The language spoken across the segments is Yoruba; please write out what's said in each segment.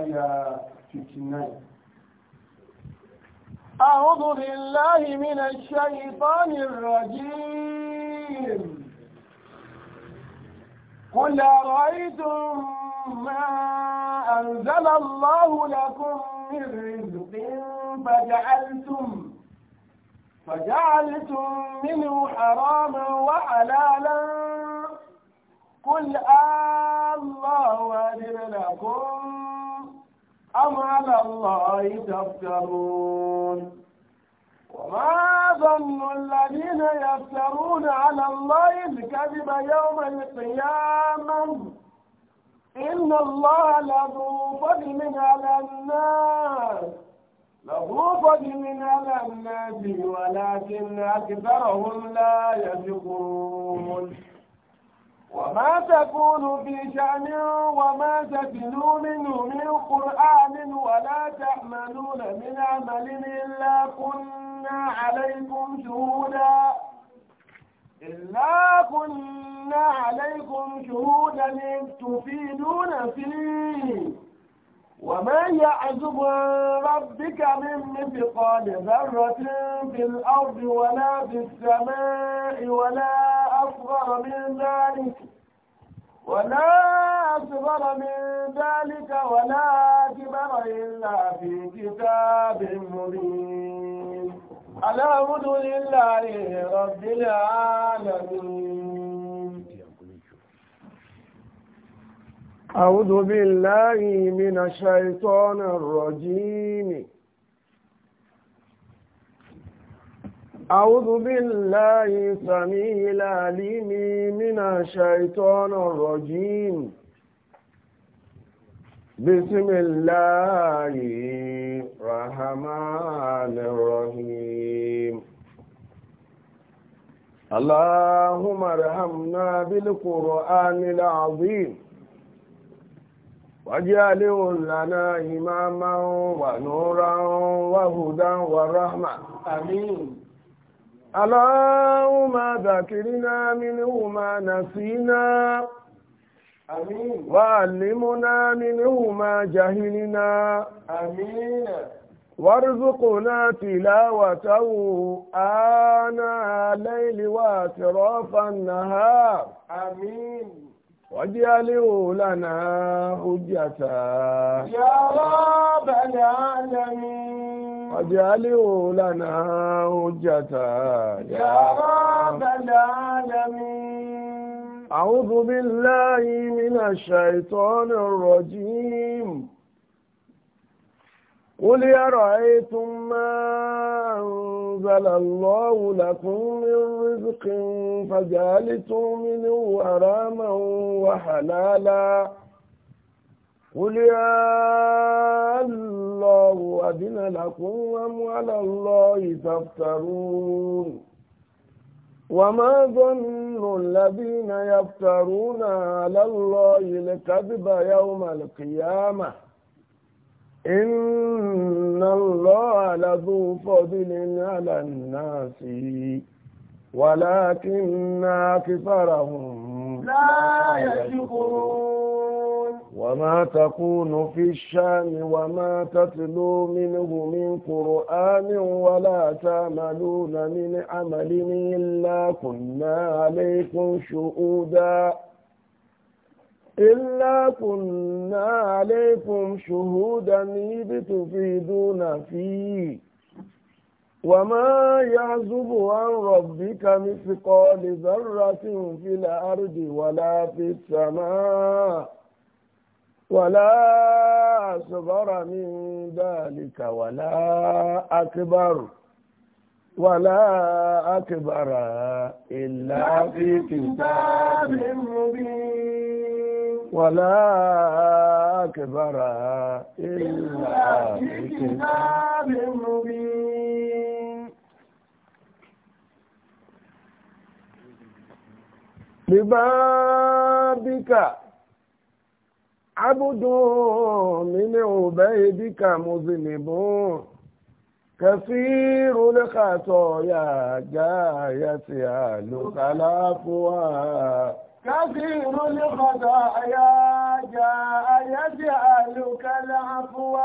ayah آية 59. أعوذ بالله من الشيطان الرجيم قل أرأيتم ما أنزل الله لكم من رزق فجعلتم فجعلتم منه حراما وحلالا قل آه الله أذن لكم أم على الله تفترون وما ظن الذين يفترون على الله الكذب يوم القيامة إن الله لذو فضل على الناس له فضل على الناس ولكن أكثرهم لا يشكرون وما تكون في شأن وما تتلو منه من قرآن ولا تعملون من عمل إلا كنا عليكم شهودا إلا كنا عليكم شهودا إذ تفيدون فيه وما يعزب ربك من مثقال ذرة في الأرض ولا في وَلَا ولا أصغر ذَلِكَ وَلَا ولا أصغر ذَلِكَ وَلَا ولا إِلَّا إلا في كتاب مبين الحمد لله رب العالمين أعوذ بالله من الشيطان الرجيم أعوذ بالله سميع العليم من الشيطان الرجيم بسم الله الرحمن الرحيم اللهم ارحمنا بالقرآن العظيم واجعله لنا إماما ونورا وهدى ورحمة آمين اللهم ذكرنا منه ما نسينا آمين وعلمنا منه ما جهلنا آمين وارزقنا تلاوته آناء الليل وأطراف النهار آمين واجعله لنا حجة يا رب العالمين واجعله لنا حجة يا رب العالمين أعوذ بالله من الشيطان الرجيم قل أرأيتم ما أنزل الله لكم من رزق فجعلتم منه حراما وحلالا قل يا الله أذن لكم وأموال الله تفترون وما ظن الذين يفترون على الله الكذب يوم القيامة إن الله لذو فضل على الناس ولكن أكثرهم لا يشكرون وما تكون في الشام وما تتلو منه من قرآن ولا تعملون من عمل إلا كنا عليكم شهودا إلا كنا عليكم شهودا إذ تفيدون فيه وما يعزب عن ربك مثقال ذرة في الأرض ولا في السماء ولا أصغر من ذلك ولا أكبر ولا أكبر إلا في كتاب مبين ولا أكبر إلا بكتاب مبين ببابك عبد من عبيدك مذنب كثير الخطايا جاية يسألك العفو كثير الخطايا جاء يجعلك العفو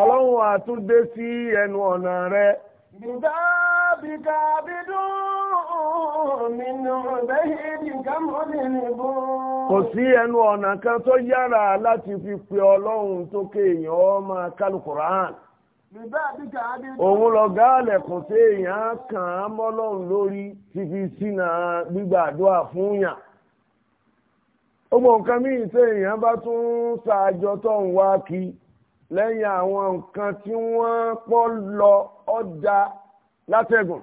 ọlọ́run wà tún dé sí ẹnu ọ̀nà rẹ̀. kò ẹnu ọ̀nà kan tó yára láti fi pe ọlọ́run tó èèyàn ọmọ kálukùrán òun lọ gáàlẹ̀ kò sí èèyàn kàn án mọ́lọ́run lórí ti fi gbígbàdúrà fún yàn. gbogbo nǹkan míì tí èèyàn bá tún ṣàjọ tó ń wá kí lẹ́yìn àwọn nǹkan tí wọ́n pọ̀ lọ ọjà látẹ̀gùn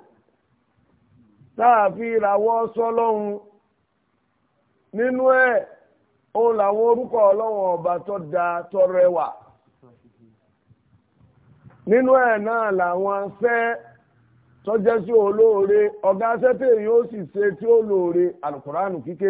táàfin ìràwọ̀ sọlọ́run nínú ẹ̀ òun làwọn orúkọ ọlọ́wọ̀n ọba tó da tó rẹwà nínú ẹ̀ náà làwọn fẹ́ tọ́jẹ́ sí olóore ọ̀gá sẹ́tẹ̀ yóò sì ṣe tí ó lóore alukóránù kíké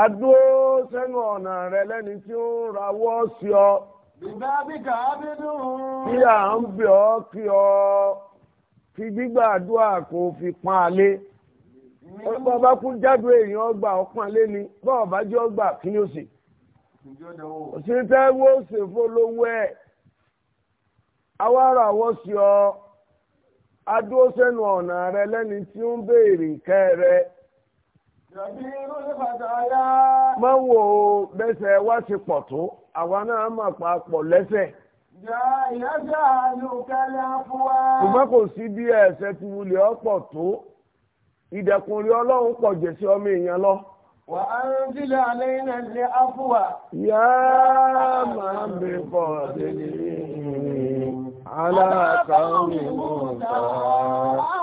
adúró sẹ́nu ọ̀nà rẹ lẹ́ni tí ó rawọ́ sí ọ. ìdábìkà ábídùn. kí à ń bẹ̀ ọ́ kí ọ fi gbígbàdúrà kò fi pọ́n alé. bọ́ọ̀ bá kú jáde èèyàn ọgbà ọpọ́n alé ni bọ́ọ̀ bá jẹ́ ọgbà kí ni ó sì. òṣìṣẹ́ wo ṣe fọlọ́wọ́ ẹ̀ awárà wọ́ sí ọ adúró sẹ́nu ọ̀nà rẹ lẹ́ni tí ó ń béèrè ìkẹ́ rẹ. máa wo bẹ́sẹ̀ wá ti pọ̀ tó àwa náà máa pa pọ̀ lẹ́sẹ̀. ṣùgbọ́n kò sí bí ẹ̀ṣẹ̀ ti wulẹ̀ ọ̀pọ̀ tó ìdẹ̀kùnrin ọlọ́run pọ̀ jẹ́ sí ọmọ èèyàn lọ. wà á ń dílé àlẹ́yìnà ní àfúwà. yá máa ń bè pọ̀ délé aláàkàwé mọ̀ọ́ta. àwọn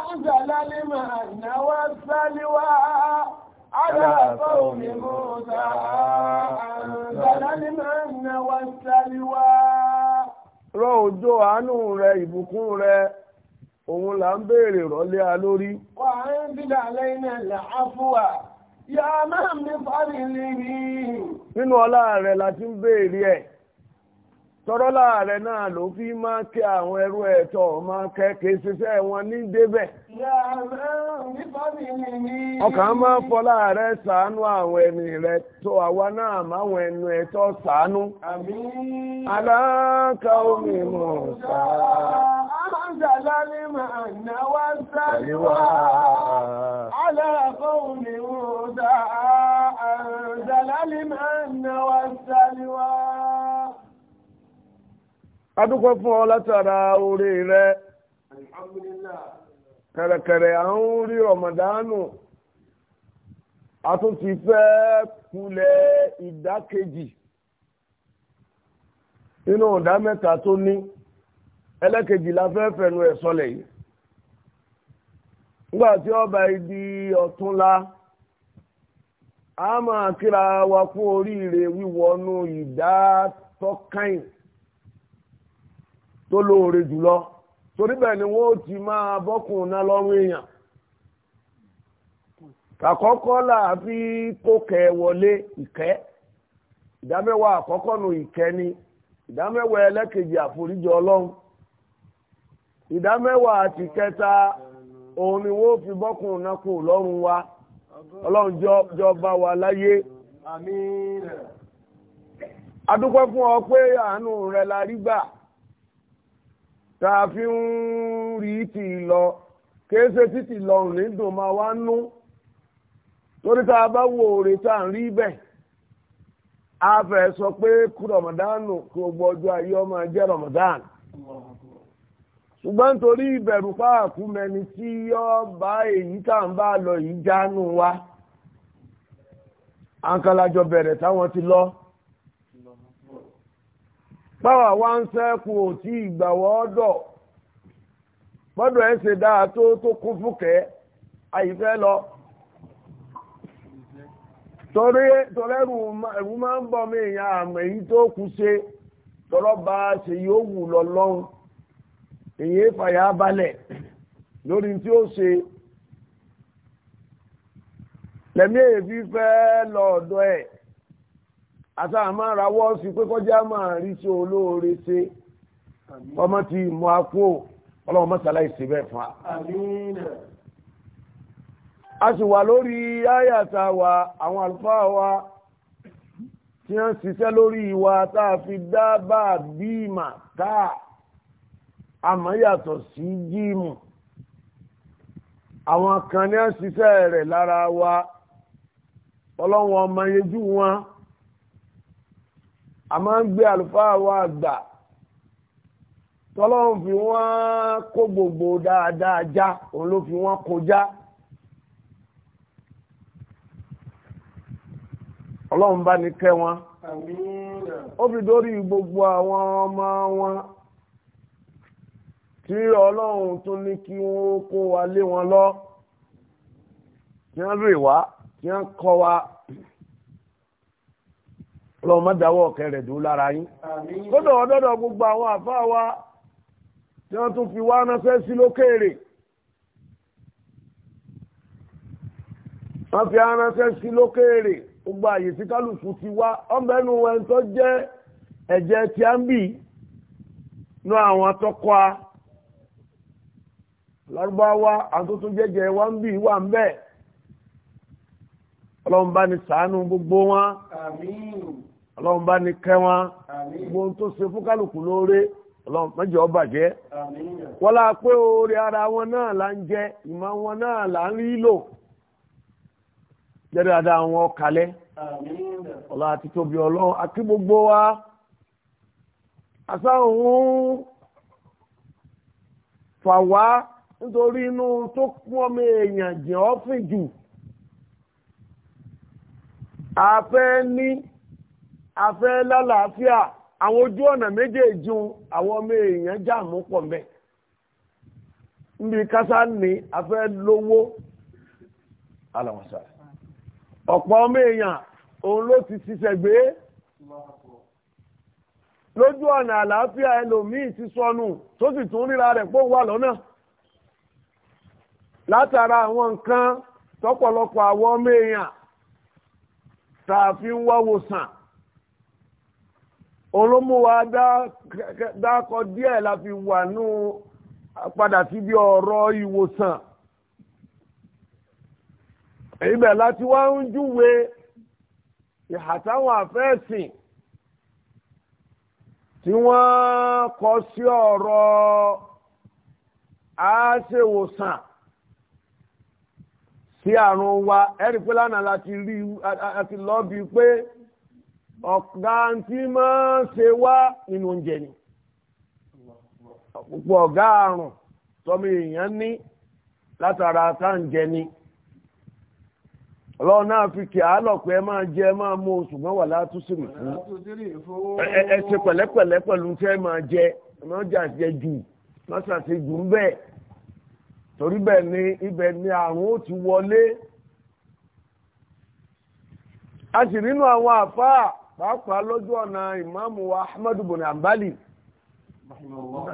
على قوم موسى أنزل المن والسلوى rọ òjò àánú rẹ ìbùkún rẹ òun là ń béèrè rọlé a lórí. wà á ń bí dàlẹ́ iná ilẹ̀ àfúwà yá máa ń bí fárí rí. nínú ọlá rẹ̀ la ń béèrè ẹ̀. tọrọ láàrẹ̀ náà ló fi máa kí àwọn ẹrú ẹtọ máa kẹ́kẹ́ ṣiṣẹ́ wọn ní débẹ̀. ọkàn máa fọ láàrẹ̀ sàánú àwọn ẹni rẹ̀ tó àwa náà máwọn ẹnu ẹtọ sàánú. aláǹkà omi adúgbò fún ọ látara oore rẹ kẹ̀rẹ̀kẹ̀rẹ̀ à ń rí rọ̀mọ̀dánù a tún ti fẹ́ kulẹ̀ ìdákejì nínú ọ̀dá mẹ́ta tó ní ẹlẹ́kejì la fẹ́ fẹ̀nu ẹ̀ sọlẹ̀ yìí nígbà tí ọba ìdí ọ̀túnla a máa kíra wa fún oríire wíwọnú ìdá yìí. tó lóore jùlọ torí bẹ́ẹ̀ ni wọ́n ti máa bọ́kùn náà lọ́rùn èèyàn àkọ́kọ́ làáfi kó kẹ wọlé ìkẹ́ ìdámẹ́wàá àkọ́kọ́ nu ìkẹ́ ni ìdámẹ́wàá ẹlẹ́kejì àforíjọ ọlọ́run ìdámẹ́wàá àti kẹta òun ni wọ́n fi bọ́kùn náà kù lọ́rùn wa ọlọ́run jọ bá wa láyé. àmín. adúpẹ́ fún ọ pé àánú rẹ la rí gbà. tá a fi ń rí ti lọ kìí ṣe títí lọ òní dùn máa wá nú torí tá a bá wo òòrè tá à ń rí bẹ́ẹ̀ a fẹ́ sọ pé kú rọ̀mọ̀dánù kó gbọ́jú ayé ọmọ jẹ́ rọ̀mọ̀dánù ṣùgbọ́n torí ìbẹ̀rù fáàkú mẹni tí yọ́ bá èyí tá ń bá lọ yìí jánu wá. àǹkàlàjọ bẹ̀rẹ̀ táwọn ti lọ. páwà wá ń sẹ́kù òtí ìgbàwọ́ ọ̀dọ̀ gbọ́dọ̀ ẹ̀ ṣe dáa tó tó kún fúkẹ́ àyífẹ́ lọ torí ẹ̀rù máa ń bọ̀ mí èèyàn àmọ̀ èyí tó kù ṣe tọ́rọ bá ṣe yóò wù lọ lọ́hùn èyí fàyà balẹ̀ lórí tí ó ṣe lẹ́mí èyí fífẹ́ lọ́ọ̀dọ̀ ẹ̀ àtàwọn máa rawọ́ sí pé kọjá máa rí sí olóore ṣe ọmọ ti mọ apó ọlọ́run mọ́sálá ìṣe fún wa. a sì wà lórí ayàtà wa àwọn àlùfáà wa tí wọ́n ṣiṣẹ́ lórí ìwà tá fi dá bíìmà káà àmọ́ sí jíìmù àwọn kan ní wọ́n ṣiṣẹ́ rẹ̀ lára wa ọlọ́run ọmọ yejú wọn. a máa ń gbé àlùfáà wa àgbà tọ́lọ́run fi wọ́n kó gbogbo dáadáa já òun ló fi wọ́n kọjá. ọlọ́run bá ní kẹ́ wọn. ó fi dórí gbogbo àwọn ọmọ wọn tí ọlọ́run tún ní kí wọ́n kó wa lé wọn lọ. kí wọ́n rè wá kí wọ́n kọ́ wa. lọ́wọ́ má dáwọ́ ọ̀kẹ́ rẹ̀ dúró lára yín kódà ọ̀dọ́dọ̀ gbogbo àwọn wa tí wọ́n tún fi wá ránṣẹ́ sí lókèèrè wọ́n fi ránṣẹ́ sí lókèèrè gbogbo àyè ti wá ọ̀bẹ́nu ẹni tó jẹ́ ẹ̀jẹ̀ tí a ń bì wa ń bì wà gbogbo wọn. ọlọ́run bá ní kẹ́wọ́n gbogbo ohun tó ṣe fún kálukú lóore ọlọ́run mẹ́jọ ó jẹ́ wọ́n pé oore ara wọn náà là ń jẹ ìmọ̀ wọn náà là ń rí lò adá wọn kalẹ́ àti tóbi ọlọ́run gbogbo wa àṣà òun fà wá nítorí inú tó èèyàn jẹ́ a ní. afẹ́ lálàáfíà àwọn ojú ọ̀nà méjèèjì àwọn ọmọ èèyàn já mú pọ̀ mẹ́ níbi kásá ní afẹ́ lówó alamọ̀sá ọ̀pọ̀ ọmọ èèyàn òun ló ti ṣiṣẹ́ gbé lójú ọ̀nà àlàáfíà ẹlòmíì ti sọnù tó sì tún ríra rẹ̀ pò wà lọ́nà látara àwọn nǹkan tọ́pọ̀lọpọ̀ àwọn ọmọ èèyàn tààfin olómúwa dákọ díẹ̀ la fi wà nù padà síbi ọ̀rọ̀ ìwòsàn ibẹ̀ láti wá ń júwe ìhà táwọn àfẹ́sìn tí wọ́n kọ sí ọ̀rọ̀ àṣewòsàn sí àrùn wa ẹ̀rí pé lánàá láti rí bíi pé. ọ̀gá tí máa ń ṣe wá nínú oúnjẹ ni púpọ̀ ọ̀gá àrùn tọ́mọ èèyàn ní látara táǹjẹ ni ọlọ́run náà fi kì á lọ máa jẹ máa mú oṣù mọ́wàá látúnṣìrì fún ẹ pẹ̀lẹ́pẹ̀lẹ́ pẹ̀lú tẹ́ máa jẹ máa ti wọlé a sì nínú pàápàá lójú ọ̀nà ìmáàmù wa ahmadu bin ambali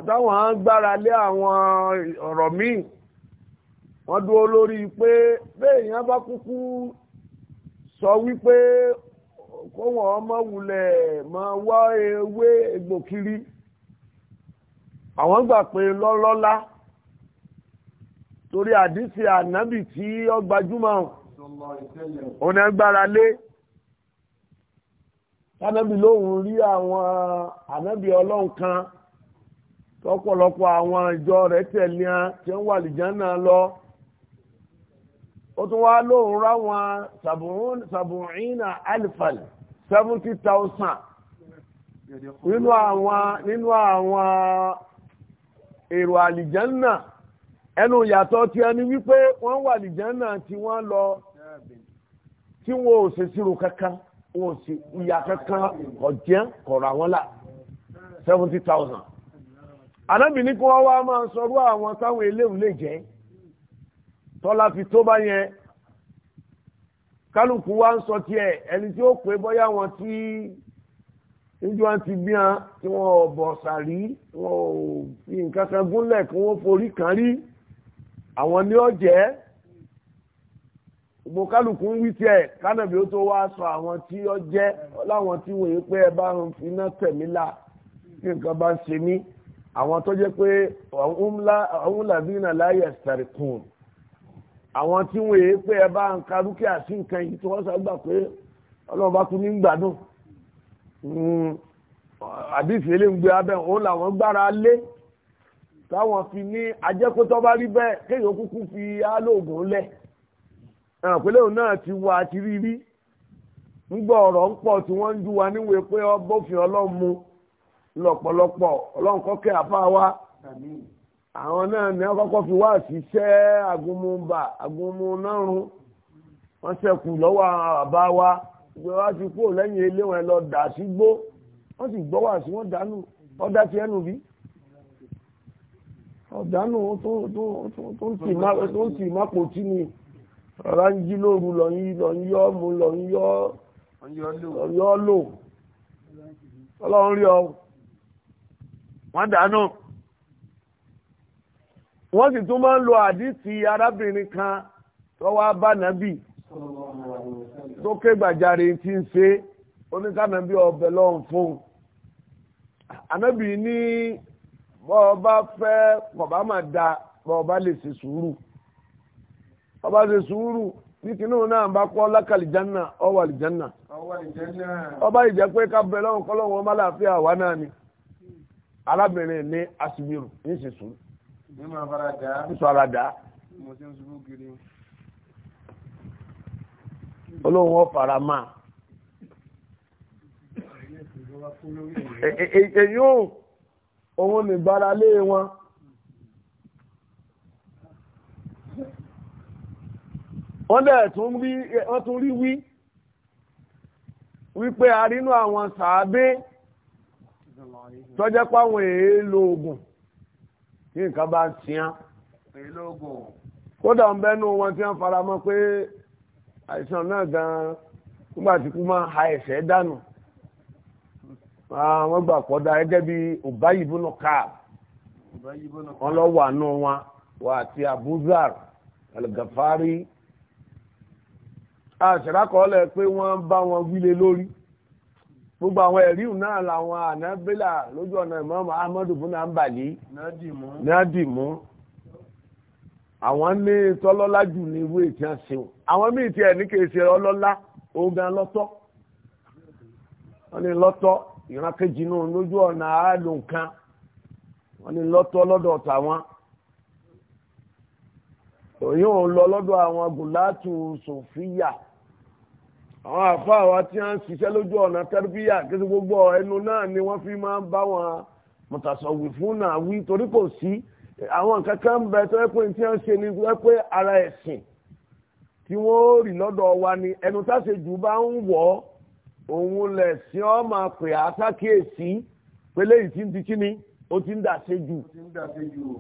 táwọn gbára lé àwọn ọ̀rọ̀ míì wọ́n dúró lórí pé béèyàn bá kúkú sọ wípé kó wọn ọmọ wulẹ̀ máa wá ewé egbò kiri àwọn gbà pé lọ́lọ́lá torí àdìsí ànábì tí ó gbajúmọ̀ gbára lé. tánàbí lóhùn rí àwọn ànábì ọlọ́run kan tọ́pọ̀lọpọ̀ àwọn ìjọ rẹ̀ tẹ̀lé e, tí wà lọ ó tún wá lóhùn ráwọn sàbùrínà alifal seventy thousand nínú àwọn nínú àwọn èrò àlìjánà ẹnu ìyàtọ̀ tí ẹni wípé wọ́n wà lìjánà tí wọ́n lọ wọn sì ìyá kankan ọ̀jẹ́ kọ̀rọ̀ àwọn là seventy thousand. ànábì ní kí wọ́n wá máa sọrú àwọn táwọn eléwù lè jẹ́ tọ́lá fi tó bá yẹn kálukú wa ń sọ tiẹ̀ ẹni tí ó pè bọ́yá wọn tí níjọ́ wọn ti bí wọn tí wọn ò bọ̀ sàrí wọn ò fi nǹkan kan gúnlẹ̀ kí wọ́n forí kan rí àwọn ni ó jẹ́ gbòkálùkù ń wí tiẹ̀ kánàbí ó tó wá sọ àwọn tí ó jẹ́ láwọn tí wòye pé ẹ bá ń finá tẹ̀mí là kí nǹkan bá ń ṣe mí àwọn tó jẹ́ pé àwọn làbínà láyé ṣàrìkùn àwọn tí wòye pé ẹ bá ń ka dúkìá sí nǹkan yìí tí wọ́n sábà pé ọlọ́run bá kú ní gbádùn hmm, àdìsí ilé ń gbé abẹ́ òun làwọn gbára lé táwọn fi ní ajẹ́kótọ́ bá rí bẹ́ẹ̀ kéèyàn kúkú fi álóògùn lẹ̀ àpẹẹlẹ òun náà ti wà àti rírí ńgbọ́ ọ̀rọ̀ ń pọ̀ tí wọ́n ń jú wa níwèé pé ọbọ̀fin ọlọ́run mu lọ́pọ̀lọpọ̀ ọlọ́run kọ́kẹ́ àfa wa àwọn náà ní wọ́n kọ́kọ́ fi wá àṣìṣẹ́ agunmọba agunmọnárun wọ́n ṣẹkù lọ́wọ́ àwọn bàbá wa ìgbé wa ti kúrò lẹ́yìn ilé wọn lọ dà sí gbó wọ́n sì gbọ́ wá sí wọ́n dànù ọ̀dà ti ẹnu bí ọ̀dànù tó ń tì má pò tí ni ọ̀rá ń jí lóru lọ ń yọ́ mu lọ ń yọ́ lò ọlọ́run rí ọ wọ́n dànù wọ́n sì tún máa ń lo àdìsí arábìnrin kan tó wá bá nàbì tó ké gbàjarè tí ń ṣe oníkànnàbí ọbẹ̀ lọ́hùn fún ànábì ní bọ́ọ̀ fẹ́ bọ̀bá máa da bọ́ọ̀ bá lè ṣe sùúrù. bàbá ṣe sùúrù ní tinú náà bá kọ́ lákàlìjánà ọwọ́ ọba ìjẹ́ pé ká bẹ̀rẹ̀ lọ́wọ́ kọ́lọ́wọ́ ọmọ aláàfin àwa náà ni arábìnrin ní asibiru ní sùúrù ní sọ ara dá olóhùn máa èyí ò òun bara lé wọn. wọ́n dẹ̀ tún rí wí wípé a rínú àwọn sàábé tọ́jẹ́ páwọn èèlò ogun kí nǹkan bá tíyán kódà ń bẹ́nu wọn tí wọ́n fara mọ́ pé àìsàn náà gan-an nígbàtí kú máa ha ẹ̀ṣẹ̀ dànù ah, wọ́n gbà pọ̀dà gẹ́gẹ́ bí òbáyìbónú káàb wọ́n lọ wà nù wọn wà àti abuzar algafari àṣìrákọọ́lẹ̀ pé wọ́n bá wọn wílé lórí gbogbo àwọn ẹ̀ríù náà làwọn ànábílà lójú ọ̀nà Imam Ahmadu fún àǹbàlì nádìmú àwọn ní tọ́lọ́lá jù ní irú ètí àṣewò àwọn míì tiẹ̀ ní kìí ṣe ọlọ́lá ogan lọ́tọ̀ wọ́n ní lọ́tọ̀ ìran náà lójú ọ̀nà àádùn kan wọ́n ní lọ́tọ̀ lọ́dọ̀ tàwọn. yóò lọ lọ́dọ̀ àwọn gùlátù sòfíà àwọn àfáà wa tí wọ́n ń ṣiṣẹ́ lójú ọ̀nà tẹ́rbíyà kí gbogbo ẹnu náà ni wọ́n fi máa ń bá wọn mọ̀tàsọ̀wì fún náà wí torí kò sí àwọn nǹkan kan bẹ tó yẹ pé tí wọ́n ṣe ni wọ́n pé ara ẹ̀sìn tí wọ́n rí lọ́dọ̀ wa ni ẹnu táṣejù bá ń wọ̀ ọ́ òun lẹ̀ sí ọ́ máa pè á sákèésí pé léyìí tí ń di kíni ó ti ń dà ṣe jù. ó ti ń dà ṣe jù o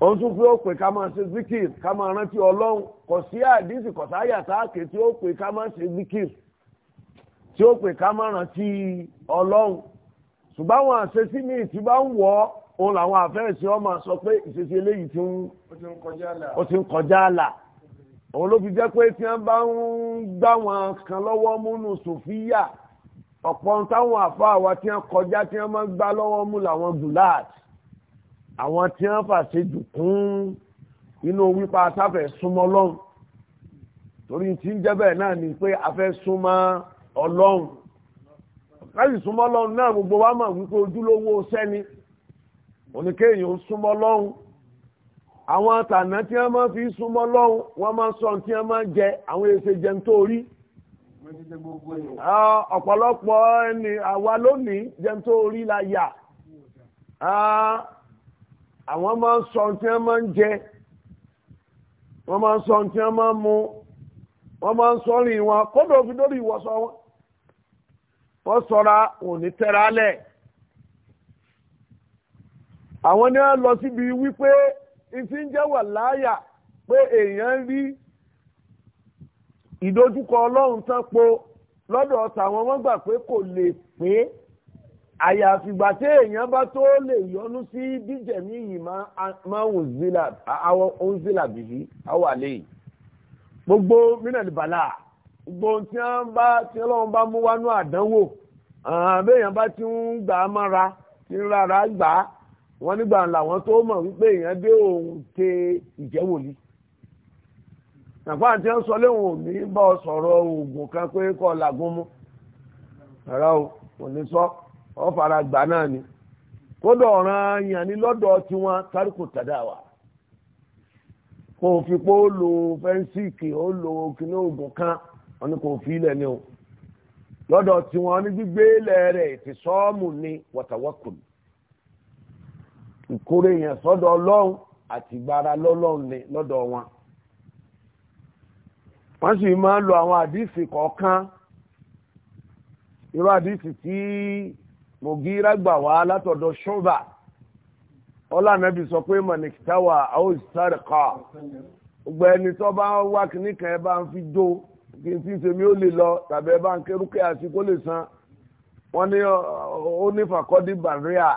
òun tún fi ó pè ká máa ṣe zikir ká máa rántí ọlọ́run kò sí àdísì kò sáyà sáàkè tí ó pè ká máa ṣe zikir tí ó pè ká máa rántí ọlọ́run ṣùgbọ́n àwọn àṣesí míì tí bá ń wọ̀ ọ́ òun làwọn àfẹ́ẹ̀sì ọmọ sọ pé ìṣesí eléyìí ti ń ó ti ń kọjá àlà òun ló fi jẹ́ pé tí wọ́n bá ń gbá wọn kan lọ́wọ́ múnú sòfíyà ọ̀pọ̀ táwọn àfọ àwa tí wọ́n kọjá tí wọ́n máa ń gbá lọ́wọ́ mú làwọn gùláàtì àwọn tí wọ́n fàṣẹ jù kún inú wípa sáfẹ́ súnmọ́ ọlọ́run torí tí ń jẹ́ bẹ́ẹ̀ náà ni pé a fẹ́ súnmọ́ ọlọ́run láti súnmọ́ ọlọ́run náà gbogbo wa mọ̀ wípé ojúlówó sẹ́ni oníkéèyàn súnmọ́ ọlọ́run àwọn àtànà tí wọ́n máa fi súnmọ́ ọlọ́run wọ́n máa sọ tí wọ́n máa jẹ àwọn èsè jẹun tó rí ah, ọ̀pọ̀lọpọ̀ ẹni àwa lónìí jẹun tó rí la yà ah, àwọn máa ń sọ tí wọ́n máa ń jẹ wọ́n máa ń sọ tí wọ́n máa ń mu wọ́n máa ń sọ rìn wọn kódà òfin lórí ìwọ̀sọ wọn wọ́n sọra wọn ò ní tẹ́ra lẹ̀ àwọn ni wọ́n lọ síbi wípé ìfi ń jẹ́ wà láàyà pé èèyàn rí ìdojúkọ ọlọ́run tán po lọ́dọ̀ ọ̀tà àwọn wọ́n gbà pé kò lè pé àyàfìgbà tí èèyàn bá tó lè yọnu sí bíjẹ̀mí yìí máa ń zila bìbí àwàlẹ́ yìí gbogbo mínàlì gbogbo tí wọ́n bá tí Ọlọ́run bá mú wánú àdánwò àbẹ́yàn bá ti ń gbà á ti ń rárá gbà á nígbà làwọn tó mọ̀ wípé èèyàn dé òun tẹ ìjẹ́wòlí nàpá àti ẹ̀ sọ léwọn ò ní bá ọ sọ̀rọ̀ kan pé kọ́ làgùn ọ fara gbà náà ni kódà ọ̀ràn yàn ní lọ́dọ̀ tiwọn tárùkù tàdáwà kò fi pé ó lo fẹ́ńsìkì ó lo kíní oògùn kan wọn ni kò fi ilẹ̀ ni o lọ́dọ̀ ní gbígbé ilẹ̀ rẹ̀ ti sọ́ọ̀mù ni wọ̀tàwọ́kùn ìkórè yẹn sọ́dọ̀ ọlọ́run àti lọ́lọ́run ni lọ́dọ̀ wọn wọ́n sì máa ń lo àwọn àdìsí kọ̀ọ̀kan irú àdìsí tí. Mugira gbà wá látọ̀dọ̀ ṣọ́bà ọlá nàbì sọ pé mọ̀nìkítàwà àwọn ìsárìkà gbogbo ẹni tó bá wá ẹ bá ń fi jó kí mi ó lè lọ tàbí ẹ bá ń kérúkẹ àti san wọn ní ó ní fàkọ́dí bàríà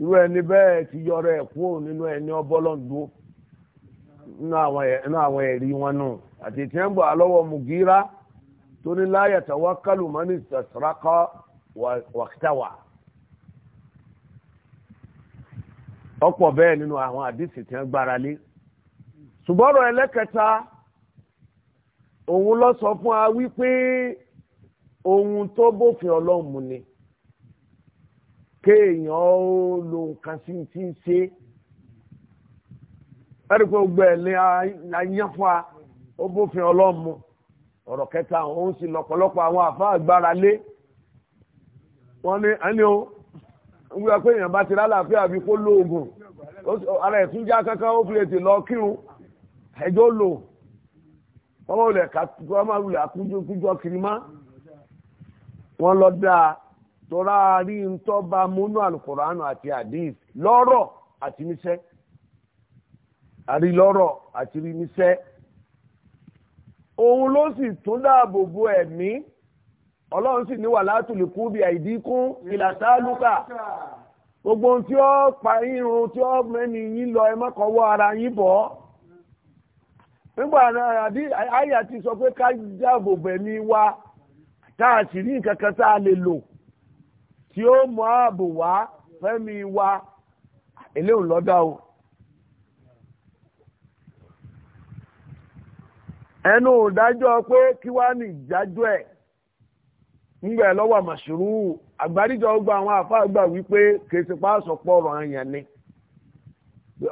irú ẹni bẹ́ẹ̀ ti yọrọ ẹ̀ kúrò nínú ẹni nínú àwọn ẹ̀rí wọn nù àti ìtẹ́ǹbù alọ́wọ́ Mugira. tó ní láyà tawakkalu man istasraqa waqtawa ọ̀pọ̀ bẹ́ẹ̀ nínú àwọn àdìsí tí wọ́n gbára lé ṣùgbọ́n ọ̀rọ̀ ẹlẹ́kẹta òun lọ sọ fún wa wípé ohun tó bófin ọlọ́run ni kéèyàn ó lo nǹkan sí ti ń ṣe ẹ̀rí pé gbogbo ẹ̀ fún wa ó bófin ọlọ́run ọ̀rọ̀ kẹta òun sì lọ́pọ̀lọpọ̀ àwọn àfa àgbára lé wọ́n ní ẹni o ń gbé pé èèyàn bá ti lálàáfíà bí kó lóògùn ara ẹ̀ tún já kankan ó fi ètè lọ kírun ẹjọ́ lò wọ́n máa wulẹ̀ kọ́ máa wulẹ̀ àkújọ kiri má wọ́n lọ dáa tọ́ra rí ń tọ́ba múnú àlùkòránù àti àdìs lọ́rọ̀ àti níṣẹ́ àrí lọ́rọ̀ àti níṣẹ́. òun ló sì tún dáàbò bo ẹ̀mí ọlọ́run sì ní wà látùlùkù bí àìdí gbogbo tí ó pa irun tí ó mẹ́ni yín lọ ẹ má ara yín bọ́ nígbà náà àbí àyà ti sọ pé ká dáàbò bo wa tá a sì rí nǹkan kan tá a lè lò tí ó wa eléhùn ẹnu ìdájọ́ pé kí wá ní ìdájọ́ ẹ̀ ńgbẹ̀ lọ́wọ́ màṣírù àgbáríjọ gba àwọn àfáà gbà wípé kèsì pa àsọpọ̀ ọ̀rọ̀ ni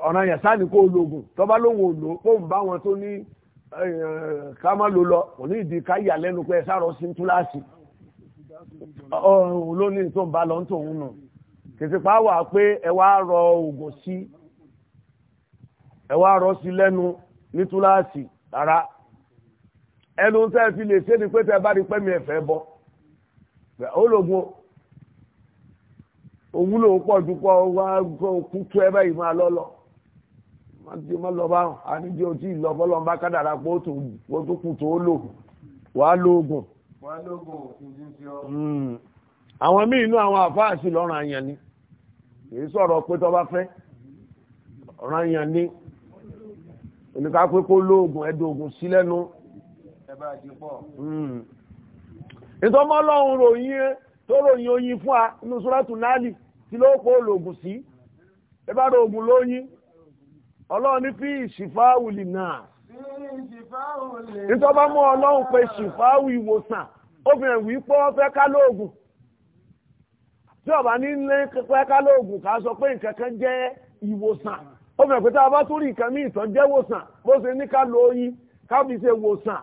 ọ̀rọ̀ àyàn sáni kó lóògùn tọ́ba lóhùn òlò kó ń bá wọn tó ní ká má lò lọ kò ní ìdí ká yà lẹ́nu pé ẹ sáró sí ló ní tó ń bá ẹnu tẹ́ fi lè ṣe ni pé tẹ́ bá rí pẹ́mi ẹ̀fẹ́ bọ́ ológun òun lòun pọ̀ ju pọ̀ wá kú tú ẹ báyìí máa lọ́lọ́ wọ́n ti mọ́ lọ bá wọn àníjẹ́ ojú ìlọ bọ́lọ́mbá kádàrá pé ó tún kù tó lò wá lóògùn. wá lóògùn òfin jíjẹ ọ. Hmm. àwọn míì inú àwọn àfáàsì lọ́rùn àyàn ni èyí sọ̀rọ̀ pé tó bá fẹ́ ọ̀ràn àyàn ni oníkàpẹ́ kó lóògùn ẹ̀dùn ògùn sí lẹ́nu. Hmm. ìtọ́mọ́ ọlọ́run ròyìn ẹ́ tó ròyìn oyin fún a inú súrátù náàlì tí ló pọ̀ ológun sí ẹbára ogun lóyìn ọlọ́run ní fi ìṣìfáwùlì náà ìtọ́mọ́ mọ́ ọlọ́run pé ṣìfáwù ìwòsàn obìnrin wí pọ́ fẹ́ ká lóògùn tí ọba ní lé pẹ́ ká lóògùn ká sọ pé nǹkan kan jẹ́ ìwòsàn obìnrin pé tá a bá tún rí nǹkan míì jẹ́ wòsàn bó ṣe ní ká lóyìn ká fi ṣe wòsàn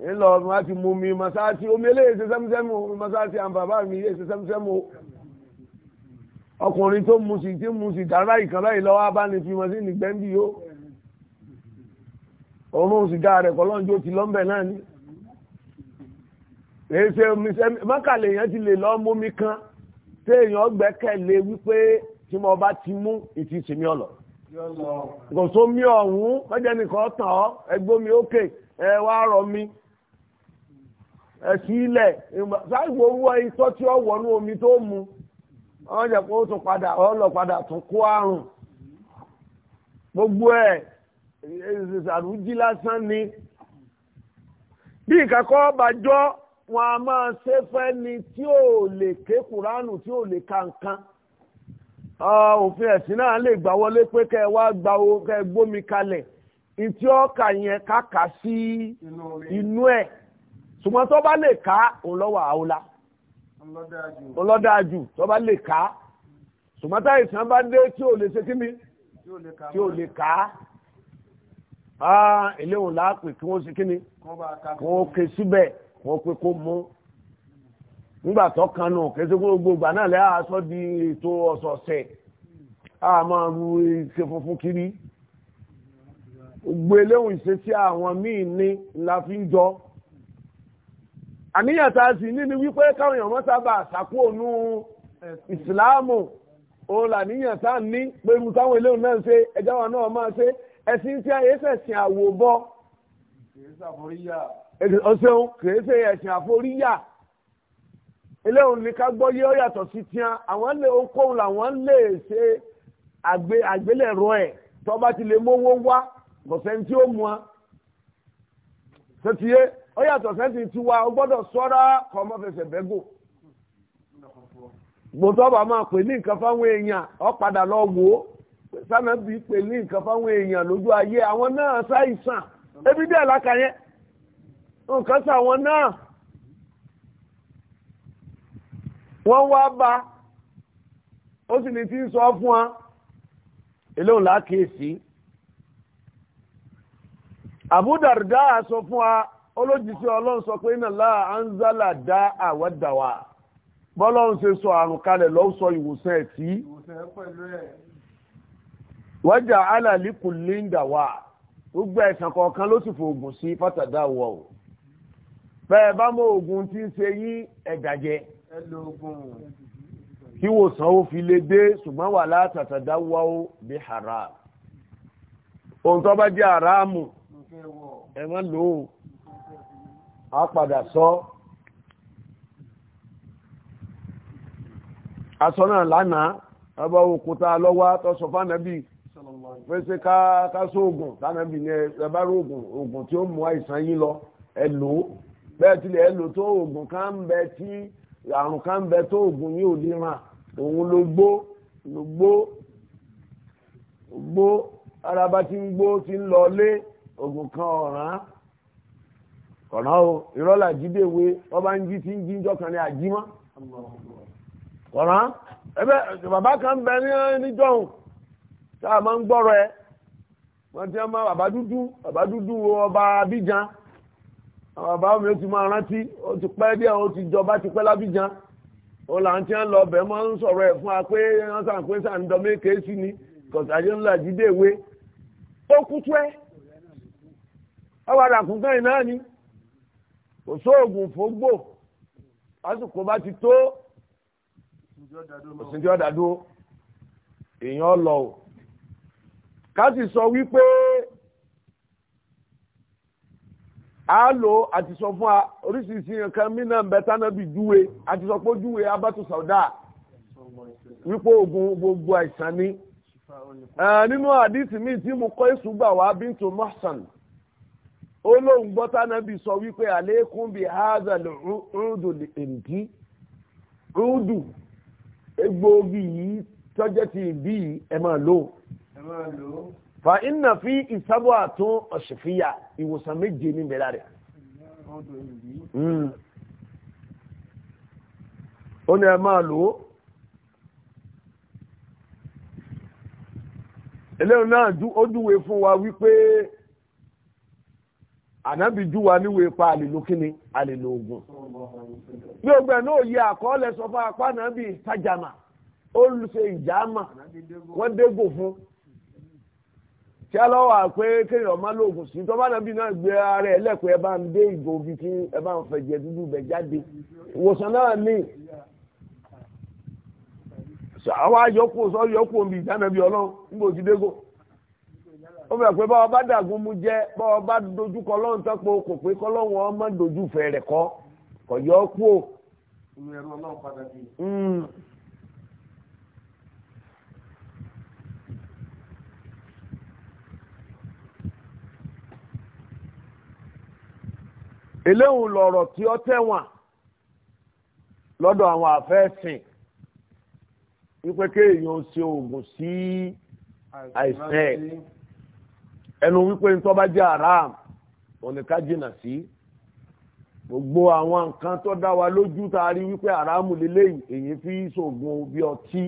ńlọ wọn ti mú mi masáàtì omi eléyìí ṣe sẹ́mùsẹ́mù masáàtì àwọn bàbá mi yé ṣe sẹ́mùsẹ́mù ọkùnrin tó mu sí tí mu sí dára ìkànnà ìlọ́wọ́ abánifimọ̀ sí nìgbẹ́ńbí yó òun sìgá rẹ̀ kọ́lọ́njó ti lọ́mbẹ̀ náà ni èsè mọ́kàlẹ̀ èèyàn ti lè lọ mómi kan tí èèyàn gbẹ́kẹ̀lé wípé tí mo bá ti mú ìtì ìsinmi ọ̀lọ̀ kò só mi ọ̀hún mọ́jẹ́ nìkan tàn ọ́ ẹgbó ókè ẹ wá rọ mi ẹ̀sìn ilẹ̀ ṣáìwò owó itọ́ tí ó wọnú omi tó mu wọ́n jẹ́ pé ó tún padà ọlọ́ padà tún kó àrùn gbogbo ẹ̀ ṣàrújí lásán ni bí ìkàkọ́ bá jọ wọn a máa ṣe fẹ́ ni tí ò lè ké kùránù tí ò lè ka nǹkan òfin ẹ̀sìn náà lè gbà wọlé pé kẹ́ wá gba owó kẹ́ gbómi kalẹ̀ ìtí ọkà yẹn kàkà sí inú ẹ̀ ṣùgbọ́n tó bá lè ká òun lọ́wọ́ àwòlá ọlọ́dáàjù tó bá lè ká ṣùgbọ́n táyì sàn bá dé tí ò lè ṣe kí mi tí ò lè ká eléhùn láàpè kí wọ́n ṣe kí ni wọ́n ké síbẹ̀ wọ́n pé kó mú nígbà tó kan nù gbogbo ìgbà náà lẹ́yà aṣọ di ètò ọ̀sọ̀ọ̀sẹ̀ a máa ru ìṣe funfun kiri gbogbo eléhùn ìṣesí àwọn míì ní la fi ń jọ àníyàn tá a sì ní ni wípé káwọn èèyàn wọn sábà sàkó ònú ìsìláàmù òun làníyàn tá a ní pé irú táwọn eléyìí náà ṣe ẹjọ́ wọn náà máa ṣe ẹ̀sìn tí ayé ṣẹ̀sìn àwòbọ́ ọ̀sẹ̀hún kìí ṣe ẹ̀sìn àforíyà eléyìí ní ká gbọ́ yé ọ yàtọ̀ sí tiẹ́ àwọn lè okòwò làwọn lè ṣe àgbélẹ̀rọ ẹ̀ tọ́ba ti lè mówó wá gọ̀sẹ̀ ní tí ó mu a ṣe ti yé ó yàtọ̀ sẹ́sìn tiwa ó gbọ́dọ̀ sọ́ra kọ́ mọ́ fẹsẹ̀ bẹ́gò gbòtọ́ba máa pè ní nǹkan fáwọn èèyàn ó padà lọ wò ó sanabi pè ní nǹkan fáwọn èèyàn lójú ayé àwọn náà ṣàìsàn ebi dẹ́ lákàyẹ́ nǹkan sàwọn náà wọ́n wá bá ó sì ní tí ń sọ fún wa eléhùn lákèésí Abu sọ fún wa olójìṣẹ́ ọlọ́run sọ pé iná láà anzala dá àwẹ́dàwà bọ́lọ́run ṣe sọ àrùn kalẹ̀ lọ́wọ́ sọ ìwòsàn ẹ̀ tí wájà alàlíkù líndàwà gbogbo ẹ̀sán kọ̀ọ̀kan ló sì fòògùn sí fàtàdáwọ̀ o bẹ́ẹ̀ bá mọ oògùn tí ń ṣe yín ẹ̀dàjẹ́ kí wòsàn ó fi lè dé ṣùgbọ́n wà látàtàdáwọ̀ o bí haram ohun tó bá jẹ́ haramu ẹ̀ má a padà sọ aṣọ náà lánàá ọba òkúta lọ́wọ́ tọ́sọ fánàbí pèsè káṣọ oògùn fánàbí ní ẹbára oògùn oògùn tí ó mú àìsàn yín lọ ẹlò bẹ́ẹ̀ tilẹ̀ ẹlò tó oògùn kan ń bẹ tí àrùn kan ń bẹ tó oògùn yìí ò ní òun ló gbó ló gbó gbó araba ń gbó ti ń lọ lé kan ọ̀ràn ọ̀nà o ìrọ́lá jídéwé ọba ń jí tí ń jí jọ́ kan ní àjímọ́ ọ̀nà ẹbẹ́ bàbá kan bẹ ní níjọ́hùn tá a máa ń gbọ́rọ̀ ẹ wọ́n ti máa bàbá dúdú bàbá dúdú ọba Abidjan bàbá mi ó ti máa rántí ó ti pẹ́ díẹ̀ ó ti jọba ti pẹ́ lábíjan ó là ń tí ń lọ bẹ̀ mọ́ ń sọ̀rọ̀ ẹ̀ fún wa pé wọ́n sàn pé sàn dọ́mé kéésì ni kọ̀tàjé kò sóògùn fógbò lásìkò bá ti tó òsìndí ọ̀dà dúró èèyàn lọ o ká sì sọ wípé a lò àti sọ fún wa oríṣiríṣi nǹkan mìíràn bẹ́tà náà bí júwe àti sọ pé júwe abátú sàwùdà wípé oògùn gbogbo àìsàn ni nínú àdìsí míì tí mo kọ́ èṣù gbà wá bíntu Muhsan ó lóun gbọ́ tánàbì sọ wípé àlékún bíi hazal rúdù ìdí rúdù egbòogi yìí tọ́jẹ́ ti ìdí ẹ máa lò ó. fa iná fi ìsábọ̀ àtún ọ̀ṣẹ̀fìyà ìwòsàn méje ní ìbẹ̀rẹ̀ rẹ̀. Hmm. ó ní ẹ máa lò ó. eléyìí náà ó dúwe fún wa wípé. ànábì jú wa níwèé pa àlèlò kíni àlèlò ogun ní ogun ẹ̀ náà yẹ àkọọ́lẹ̀ sọ fún apá ànábì tajàmà ó ń ṣe ìjàmà wọ́n dégò fún tí a lọ́wọ́ àpé kéèyàn má lóògùn sí tọ́ bá ànábì náà gbé ara ẹ̀ lẹ́kọ̀ọ́ ẹ bá ń dé ìgò bíi kí ẹ bá ń fẹ̀jẹ̀ dúdú bẹ̀ jáde ìwòsàn náà ní ó mọ̀ pé báwa bá dàgún mú jẹ́ báwa bá dojú kọ lọ́run tán pé kò pé kọ́ lọ́run ọmọ dojú fẹ́ rẹ̀ kọ́ kò yọ ọ́ kú o. inú ẹ̀rọ ọlọ́run padà bí. Hmm. eléhùn lọ̀rọ̀ tí ó tẹ̀wọ̀n lọ́dọ̀ àwọn àfẹ́sìn wípé kéèyàn ṣe oògùn sí àìsàn ẹ̀ ẹnu wípé ń tọ́ bá jẹ́ haram òun ni ká jìnà sí gbogbo àwọn nǹkan tó dá wa lójú tá a rí wípé haramu lélẹ́yìn èyí fi ṣoògùn bí ọtí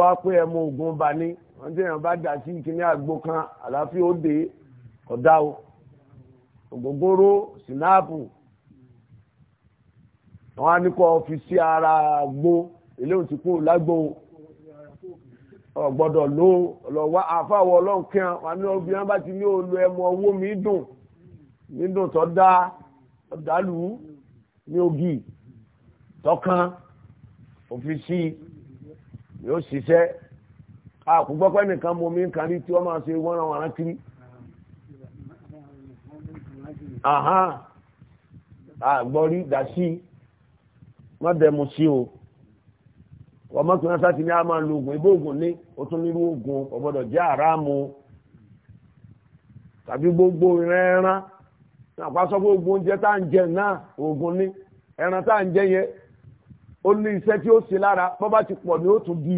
wá pé ẹmu ògùn bá ní wọ́n tí èèyàn bá dà sí ìkíní àgbo kan àlàáfíà ó dé ọ̀dá o ògógóró sinapu wọ́n á fi sí ara àgbo eléyìí ti kú lágbo ọ̀gbọ́dọ̀ ló lọ́wọ́ àfàwọ̀ ọlọ́run kan wà ní obìnrin bá ti ní olú ẹmu ọwọ́ mi dùn mi dùn tó dá ọ̀dàlù ní ògì tọkàn òfin sí yóò ṣiṣẹ́ àkùgbọ́pẹ́ nìkan mú omi kan rí tí wọ́n máa ṣe wọ́n ràn kiri. àgbọ̀rí dà sí sí o. ọmọ tí wọ́n ti ní a ma n'ogun ebe ogun ni ní o tún ọbọdọ oògùn ọ̀gbọ́dọ̀ jẹ́ àràmù tàbí gbogbo ẹran àpá sọ pé oúnjẹ tá à ń jẹ náà ogun ní ẹran tá à ń jẹ yẹ ó ní iṣẹ́ tí ó ṣe lára bọ́ ti pọ̀ ní ó tún di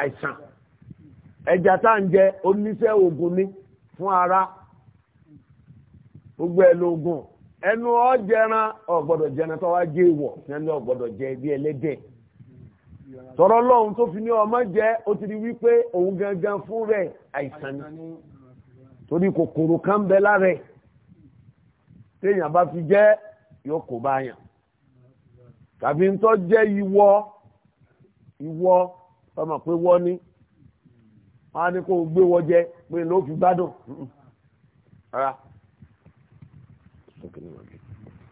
àìsàn ẹja tá à ń jẹ ó ní iṣẹ́ ní fún ara gbogbo ẹ̀ tọ̀rọ̀ lọ́hun tó fi ní ọmọ jẹ́ ó ti di wípé òun gangan fún rẹ̀ àìsàn ni torí kòkòrò kan bẹ lára ẹ̀ téèyàn bá fi jẹ́ yóò kó báyàn tàbí ń tọ́ jẹ́ ìwọ ìwọ ọmọ pé wọ́n ní wọ́n á ní kó gbé wọ́n jẹ pé ló fi gbádùn rárá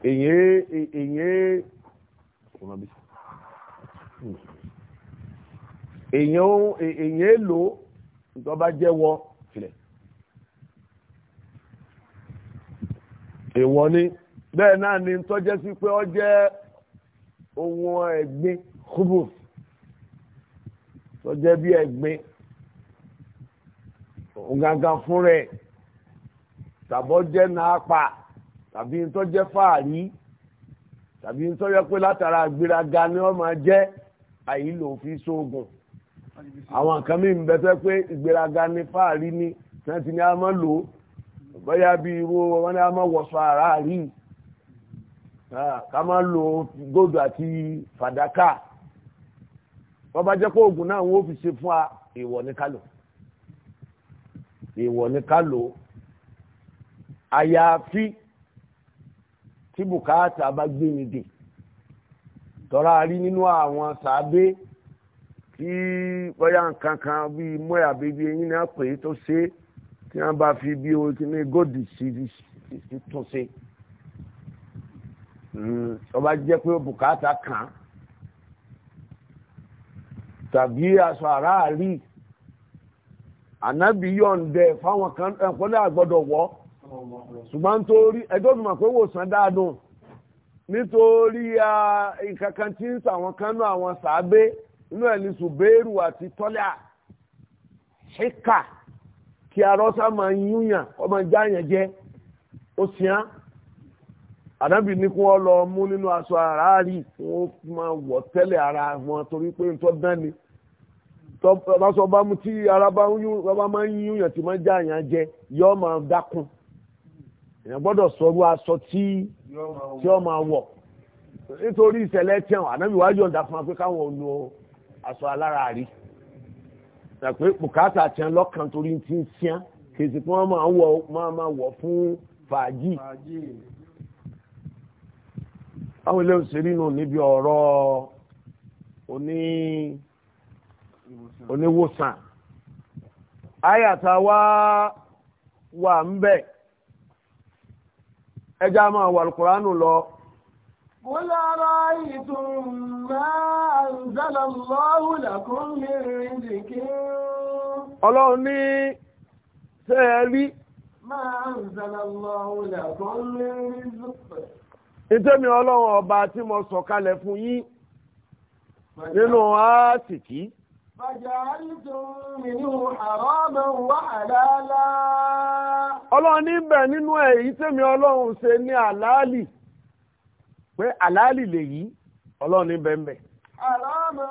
èyí èyí. èèyàn èlò ìjọba jẹ́wọ́ filẹ̀ èèwọ̀ ni bẹ́ẹ̀ náà ni tọ́jẹ́ sí pé ọ jẹ́ ohun ẹ̀gbin kúbù tọ́jẹ́ bí ẹ̀gbin ògangan fún rẹ̀ tàbọ̀ jẹ́ nàápa tàbí tọ́jẹ́ fàárí tàbí tọ́jẹ́ pé látara àgbéraga ni wọ́n máa jẹ́ àyílò fi sóògùn. So àwọn nǹkan mi ń bẹ tẹ́ pé ìgbéraga ní fáàrí ní náà ti ní a máa lò ó bóyá bí irú wọn ní a máa wọ̀sọ ara rí ká máa lo góòdù àti fàdákà wọ́n bá jẹ́ pé oògùn náà wọ́n fi ṣe fún wa ìwọ̀ ní kálò ìwọ̀ ní kálò àyàfi tí bùkátà bá gbé mi dè tọ́ra rí nínú àwọn sàábé tí bóyá nǹkan kan bíi mọ́yà bíbí eyín náà pè é tó ṣe é tí wọ́n bá fi bí o ti ní góòdì sí i tún ṣe ọba hmm, jẹ́ pé bùkátà kan tàbí aṣọ àráàrí ànábì yọ̀ǹdẹ̀ fáwọn kan ẹ̀kọ́dá àgbọ́dọ̀ wọ́ ṣùgbọ́n torí ẹjọ́ tó mọ̀ pé wòsàn dáadùn nítorí ah, nǹkan tí ń sàwọn kan àwọn sàábé inú ẹ̀ ní Zubairu àti tọ́lá ṣíkà kí arọ́sá máa yúnyàn ọmọ jáyàn jẹ́ ó sìán ànábì ní kí wọ́n lọ mú nínú aṣọ àráàrí wọ́n máa wọ̀ tẹ́lẹ̀ ara wọn torí pé ń tọ́ dán ni tọ́básọ bá mú tí ara bá máa ń yúnyàn tí máa jáyàn jẹ yọ́ máa dákun èèyàn gbọ́dọ̀ sọ̀rọ̀ aṣọ tí yọ́ máa wọ̀ nítorí ìṣẹ̀lẹ̀ tẹ̀wọ̀n ànábì wájú ọ̀dà fún wa pé káwọn ò lo aṣọ alára rí ṣàpé bùkátà tiẹ̀ lọ́kàn torí ti ń tiẹ́ kèsì tí wọ́n máa wọ̀ máa máa wọ̀ fún fàájì àwọn ilé òṣèré nù níbi ọ̀rọ̀ oní oníwòsàn àyàtà wa wà ń bẹ̀ ẹja máa wà lùkùránù lọ. قل أرأيتم ما أنزل الله لكم من رزق Ọlọ́run ní ṣe ẹ rí. Máa ń zàlá lọ́wọ́ Ìtẹ́mi ọlọ́run ọba tí mo sọ̀kalẹ̀ fún yín nínú àásìkí. Bàjá àìsùn nínú àrọ́mọ̀ wà àlálá. Ọlọ́run níbẹ̀ nínú èyí tẹ́mi ọlọ́run ṣe ní àlálì. pé àlàálì lèyí ọlọ́run ní bẹ́ẹ̀ Alaamu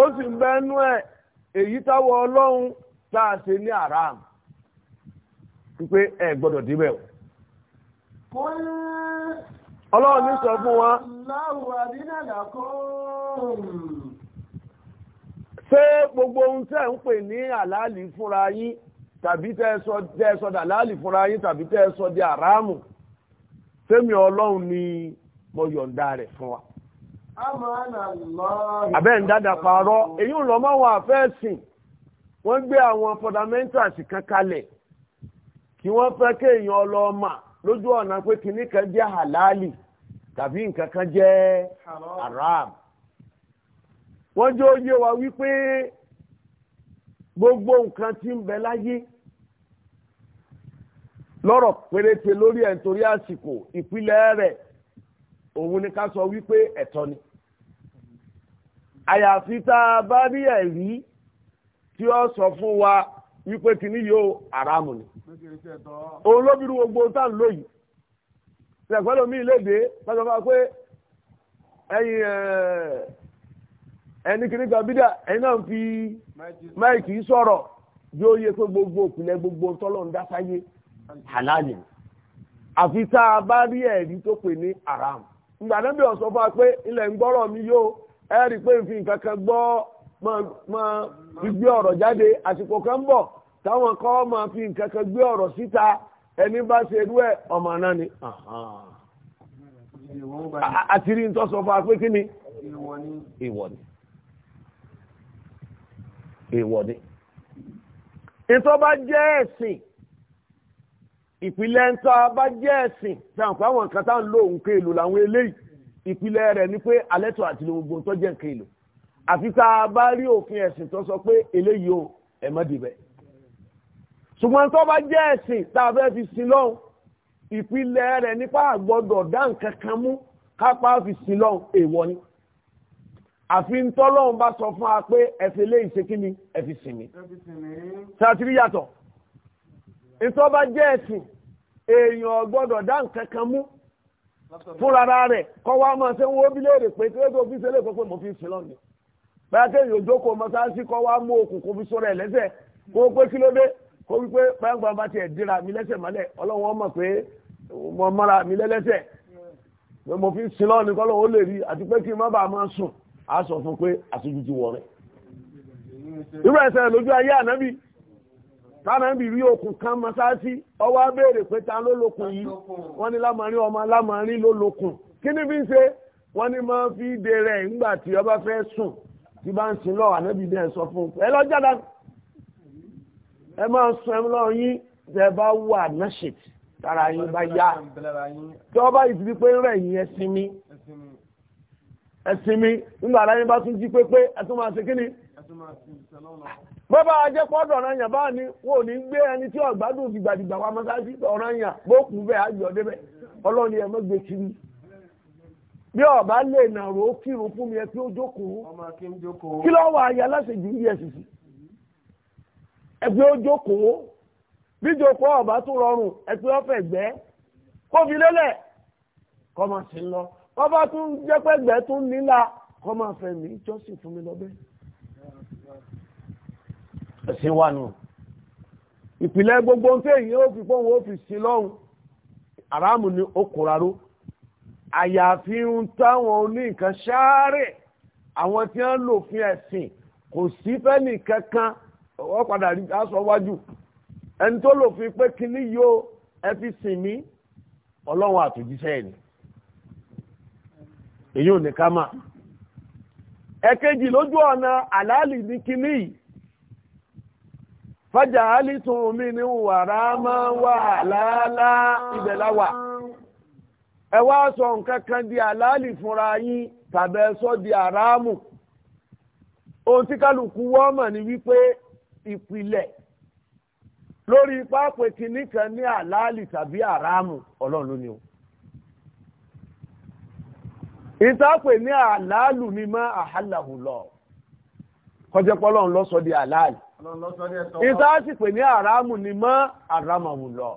ó sì ẹ̀ èyí táwọ ọlọ́run tá a ṣe ní haram wípé ẹ gbọ́dọ̀ débẹ̀ o. ọlọ́run ní sọ fún wọn. ṣé gbogbo ohun tẹ́ ń pè ní àlàálì sẹ́mi ọlọ́run ni mo yọ̀ǹda rẹ̀ fún wa. àbẹ́ ń dáadáa parọ́ èyí ń lọ mọ́ àwọn àfẹ́sìn wọ́n gbé àwọn fundamentals kan kalẹ̀ kí wọ́n fẹ́ kéèyàn ọlọ́ọ̀mà lójú ọ̀nà pé kinní kan jẹ́ halali tàbí nǹkan kan jẹ́ haram. wọ́n jẹ́ wa wípé gbogbo nǹkan ti ń bẹ lọ́rọ̀ péréte lórí ẹ̀ nítorí àsìkò ìpìlẹ̀ rẹ̀ òun ni ká sọ ni. àyàfi tá a bá rí ẹ̀rí tí ó sọ fún wa wípé kìíní yóò àràmù ni. òun ló bírú gbogbo tá à ń lò yìí. mi léde pẹ́sọ́ fún wa pé ẹ̀yin ẹni kìíní ẹ̀yin náà fi máìkì sọ̀rọ̀ gbogbo òpìlẹ̀ gbogbo tọ́lọ́ ń dá halali àfi a bá rí ẹ̀rí tó pè ní haram ìgbàdébí ọ̀sọ́ fún wa pé ilẹ̀ ń gbọ́rọ̀ mi yóò ẹ rí i pé nfin kankan gbọ́ mọ gbígbé ọ̀rọ̀ jáde àsìkò kan ń fi nǹkan gbé ọ̀rọ̀ síta ẹni bá ṣe irú ẹ̀ ọmọ náà ni. àti rí nítorí sọ fún wa pé ìpìlẹ̀ ń tọ́ bá jẹ́ ẹ̀sìn fẹ́ràn pé àwọn nǹkan tá ń lo nǹkan èlò làwọn eléyìí ìpìlẹ̀ rẹ̀ ni pé alẹ́tọ̀ àti gbogbo tó jẹ́ nǹkan èlò àfi tá a bá rí òfin ẹ̀sìn tó sọ pé eléyìí o ẹ̀ mọ́ dìbẹ̀. ṣùgbọ́n tó bá jẹ́ ẹ̀sìn tá a fẹ́ fi sin lọ́hùn ìpìlẹ̀ rẹ̀ nípa àgbọ́dọ̀ dá nǹkan kan mú kápá fi sin lọ́hùn èèwọ̀ ni. àfi ń tọ́lọ́hùn bá sọ fún ìtọ́ bá jẹ́ ẹ̀sìn èèyàn gbọ́dọ̀ dá nǹkan kan mú fúnra rẹ̀ kọ́ wa máa ṣe ń wo bí léèrè pé tí ó fi ṣe léèkó pé mo fi ṣe lọ́nà bá jókòó mọ́sáàsì kọ́ wa mú okùn kó fi lẹ́sẹ̀ kó pé kí ló dira mi lẹ́sẹ̀ mọ́lẹ̀ ọlọ́run mọ̀ pé mo mọ́ra mi lẹ́lẹ́sẹ̀ pé tánà bí rí okùn kan masáàsì ọwọ́ abéèrè pé ta ló lókun yìí wọ́n ní lámàrin ọmọ lámàrin ló lókun kí ni bí ń ṣe wọ́n ní máa fi dè rẹ̀ nígbà tí ọba fẹ́ sùn tí bá ń sin lọ ànábì dẹ̀ sọ fún un ẹ lọ jáde ẹ máa sun ẹ lọ yín tẹ bá wà náṣẹt tara yín bá yá tí ọba yìí ti di pé rẹ̀ yín ẹ sinmi ẹ sinmi nígbà láyé bá tún jí pé pé ẹ tún máa ṣe kí ni. bó bá jẹ́ pọ́dọ̀ ọ̀ràn yàn ní ò gbé ẹni tí ọ̀gbádùn gbìgbàdìgbà wa mọ́sáàsì ọ̀ràn yàn bó kù bẹ́ẹ̀ àjọ débẹ̀ ọlọ́ni bí ọba lè nàró kírun fún mi ẹ tí ó jókòó kí lọ́ wà ayé rọrùn ọ̀fẹ́ gbẹ́ kọ́ ẹ̀sìn ìpìlẹ̀ gbogbo ń tẹ̀yìn ó fi fóun ó fi sí lọ́hùn ni ó kóraró àyàfi ń táwọn oní nǹkan ṣáárè àwọn tí wọ́n lò fún ẹ̀sìn kò sí fẹ́ni kankan wọ́n padà rí aṣọ wájú ẹni tó lò fún pé yóò ẹ fi sìn mí ni èyí ò ní ká mà ẹ̀kejì lójú ọ̀nà fájà alítún omi ní wàrà máa ń wà láàlá ibẹ̀ láwà ẹ wá sọ nǹkan kan di àlálì fúnra yín tàbí ẹ sọ di àràámù ohun tí kálukú wọ́n mọ̀ ni wípé ìpìlẹ̀ lórí pápẹ́ kìíní kan ní àlálì tàbí àràámù ọlọ́run ni o ìtàpẹ̀ ní àlálù ni má àhálàhùn lọ kọjá di àlálì ìta sì pè ní àràmù ni mọ́ àràmàwù lọ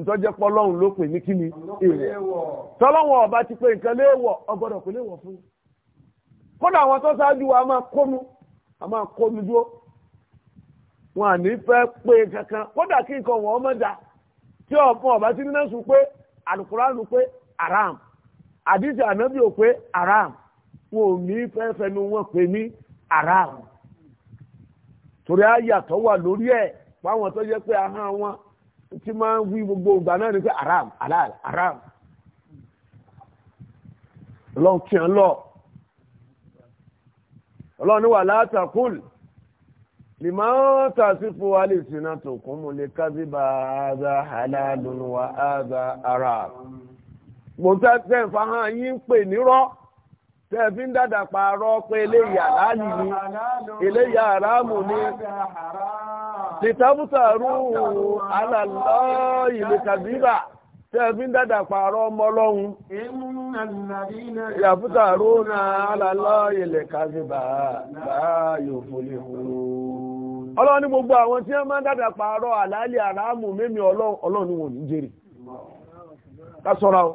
ìtọ́jẹ́ pọ́lọ́hùn ló pè ní kíni èèwọ̀ tọ́lọ́wọ̀n ọba ti pé nǹkan léèwọ̀ ọgbọ́dọ̀ kò léèwọ̀ fún kódà àwọn tó ṣáájú wa máa kónú a máa kónú dúró wọn à ní fẹ́ pé kankan kódà kí nǹkan wọn ọmọ dà tí ọ̀pọ̀ ọba ti níná sùn pé àlùkùránù pé àràm àdìsí ànábì ò pé àràm wọn ò ní fẹ́ fẹnu wọn pè ní àràm torí àyàtọ̀ wà lórí ẹ̀ fáwọn tó yẹ pé ahọ́n wọn tí máa ń wí gbogbo ìgbà náà ni pé haram halal haram ọlọ́run kí ń lọ ọlọ́run ní wà látàkùn lè máa ń tàṣífò alìsìnà tó kún mú lè kábíbà ààzà halalun wa ààzà haram mo tẹ́ tẹ́ yín pè nírọ́ tẹ́ fi ń dàdà pààrọ̀ pé eléyà ni eléyà àrámù ni tìtàbùtàrù alàlọ́ ìlẹ̀kàbíbà tẹ́ fi ń dàdà pààrọ̀ ọmọ ọlọ́run ìyàbùtàrù alàlọ́ ìlẹ̀kàbíbà láàyò fòlìhùn ọlọ́run ní gbogbo àwọn tí wọ́n máa dàdà pààrọ̀ ọlọ́run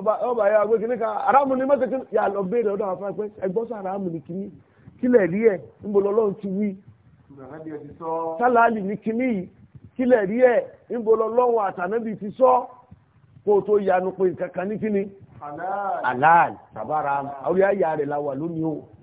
ọba ya ọgbẹ́ kìíní kan aráàmù ni mẹ́tẹ̀ẹ̀kì yà lọ béèrè ọdún àwọn afẹ́ ẹgbọ́n sọ aráàmù ni kìíní kílẹ̀ rí ẹ̀ níbo lọ́lọ́run ti ni ti sọ kó tó yanu pé nǹkan kan ní kìíní. la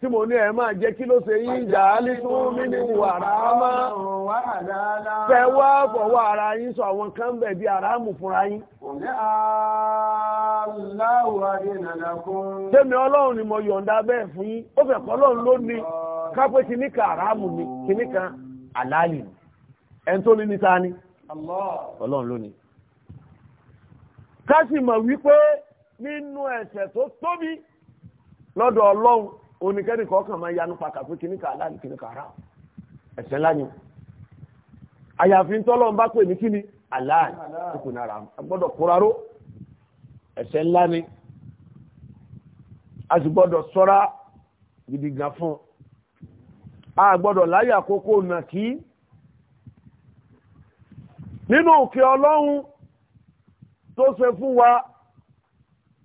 tí mo ní ẹ máa kí ló ṣe yín ìjà alísún mínú wàrà ámá fẹ́ wá fọwọ́ ara yín sọ àwọn kan bẹ̀ bí ara fúnra yín. Tẹ́mi ọlọ́run ni mo yọ̀ǹda bẹ́ẹ̀ fún yín, ó fẹ́ kọ́ ló ní kápẹ́ kìíní ni, kìíní kan ni. Ẹni tó ní ní ni? Ọlọ́run ló ní. Ká sì mọ̀ wípé nínú tó tóbi lọ́dọ̀ oníkẹ́ni kọ̀ọ̀kan máa yanu pa kàfé kíní kà láàrin kíní kà ráà ẹ̀sẹ̀ ńlá ni àyàfi ń tọ́lọ́ ń bá pè ní nára gbọ́dọ̀ kóraró ẹ̀sẹ̀ ńlá a sì gbọ́dọ̀ sọ́ra gidi gan fún a gbọ́dọ̀ láyé àkókò nà kí nínú òkè ọlọ́run tó ṣe fún wa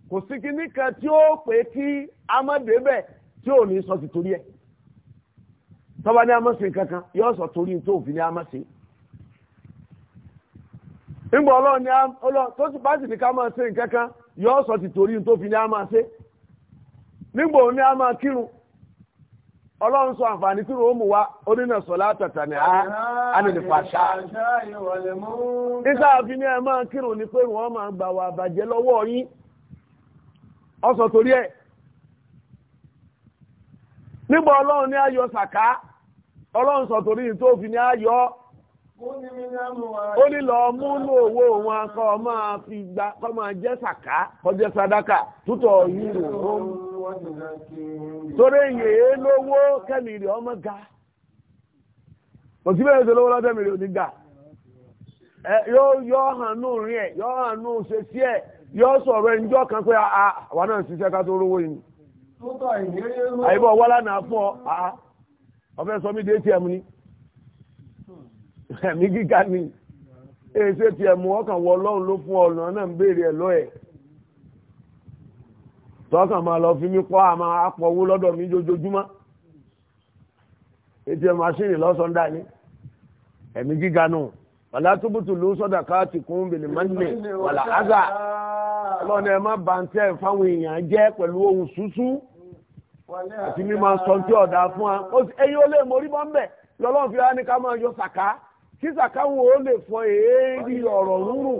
kò sí kan tí ó pè kí tí ò ní sọ ti torí ẹ̀ ní amọ́sẹ̀ kankan yóò sọ torí tó òfin ní amọ́sẹ̀ ńgbọ́ ọlọ́run ní tó ti bá sì ní ká máa yóò sọ ti torí tó fi ní ní a kírun ọlọ́run sọ àǹfààní tí ròó mú wa onínà sọ̀lá àtàtà ní ní ẹ máa kírun pé Nigba ọlọ́run ní ayọ̀ sàká ọlọ́run sọ torí tó fi ní ayọ̀ ó ní lọ múnú owó fi gba kọ́ jẹ sàká sadaka tútọ̀ yúrò torí èyí lówó ọmọ ga kò bẹ́ẹ̀ lówó lọ́tẹ́mìrì ò ní ga yóò hàn nù rí ẹ yóò hàn ṣe sí sọ̀rọ̀ kan àyíbọ̀ wọ́lá náà fún ọ atm ah, ah. ni ẹ̀mí gíga ni èyí atm ọkàn wọ ọlọ́run ló fún ọ̀nà náà ń béèrè ẹ̀ ẹ̀ tọ́kàn máa lọ fi mí kọ́ apọ̀wó lọ́dọ̀ mi jojoojúmọ́ atm machine ẹ̀mí gíga nù wàlá túbùtù ló àti mímọ sọ tí ọ̀dà fún wa ẹ̀yin ó lè mórí bọ́ ń lọ́lọ́run fi wá ní ká máa yọ sàká kí sàká wọn ó lè fọ èérí ọ̀rọ̀ rúrù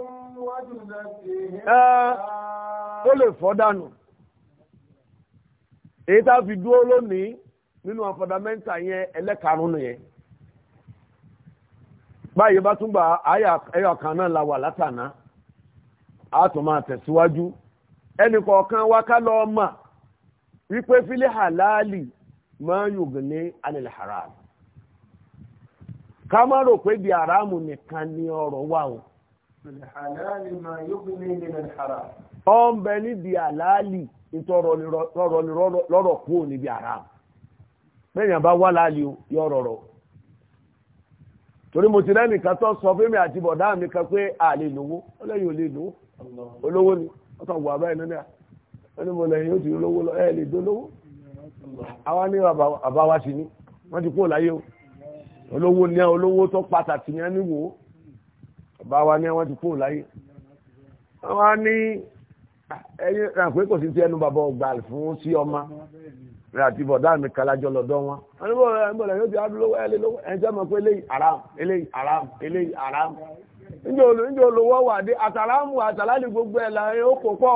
ó lè fọ́ dànù èyí tá a fi dúró lónìí nínú àwọn fọdàmẹ́ntà yẹn ẹlẹ́karùn-ún yẹn báyìí bá tún gba ẹyọ kan náà la wà látàná a máa tẹ̀síwájú ẹnì kọ̀ọ̀kan wa ká lọ́ọ́ wípé fílẹ̀ halali máa yògùn ní anil haram ká má rò pé bí haramu nìkan ni ọ̀rọ̀ wà o. halali máa ní ọ halali ìtọ̀rọ̀ lọ́rọ̀ kú ò níbi haram bẹ́ẹ̀ni àbá wà láàlì yọ rọ̀rọ̀ torí mo ti lẹ́nìkan tó sọ fún mi àti bọ̀dá mi kan pé àlè lówó lówó olówó ni wọ́n wọ́n ní mo lẹ́yìn ó ti lówó lọ ẹ̀ lè dolówó àwa ní bàbá wa sì ní wọ́n ti kó láyé o olówó ní olówó tó pàtàkì ní ẹni wò ó bàbá wa ní wọ́n ti kó láyé wọ́n wá ní ẹyin ràn pé kò sí ti ẹnu bàbá ọgbà fún sí ọmọ rẹ àti bọ̀dá mi kalajọ lọ́dọ̀ wọn. wọ́n yóò ti adúlówó ẹ̀ lé lówó ẹ̀ ń sẹ́ mọ̀ pé eléyìí haram eléyìí haram eléyìí haram. níjẹ́ olówó wà dé àtàlámù àtàlálì gbogbo ẹ̀ là ń kó pọ̀.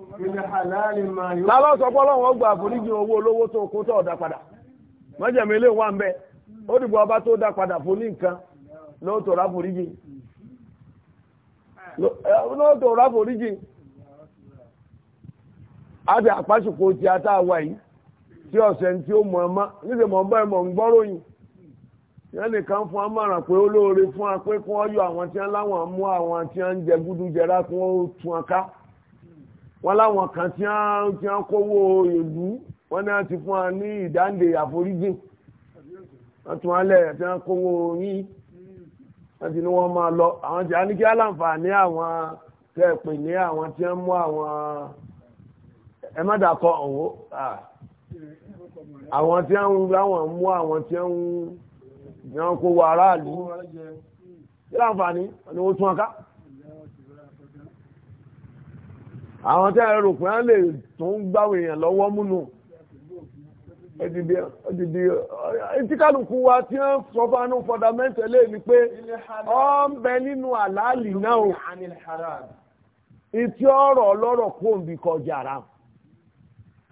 lábá sọ pé ọlọ́run gba àforíjì owó olówó tó kó tó ọ̀dà padà mọ́jẹ̀mí lè wà ń bẹ́ ó dìbò ọba tó dá padà fún ní nǹkan lóòótọ́ ráforíjì ráforíjì a tá a yìí tí ọ̀sẹ̀ tí ó mọ̀ níṣẹ́ mọ̀ ń yẹn nìkan fún amọ̀ràn pé olóore fún wa pé kí àwọn tí láwọn mú àwọn wọ́n láwọn kan tí wọ́n tí wọ́n kówó ìlú wọ́n náà ti fún wa ní ìdáǹdè àforíjìn wọ́n tún wọ́n lẹ̀ tí wọ́n kówó yín wọ́n ti ní wọ́n máa lọ àwọn tí a ní kí aláǹfààní àwọn tẹ́ ẹ pè ní àwọn tí wọ́n mú àwọn ẹ má dàkọ ọ̀hún àwọn tí wọ́n láwọn mú àwọn tí wọ́n kówó aráàlú kí láǹfààní wọ́n ni wọ́n tún wọn ká. àwọn tẹ́ ẹ̀rọ pé wọ́n lè tún gbáwò èèyàn lọ́wọ́ múnú ẹ̀dìdì ìtíkàlùkù wa tí ó sọ fánú fọ́dámẹ́ntẹ̀ lè ní pé ọ ń bẹ nínú àlàálì náà o ìtí ọ̀rọ̀ ọlọ́rọ̀ kó ń bí kọjá ara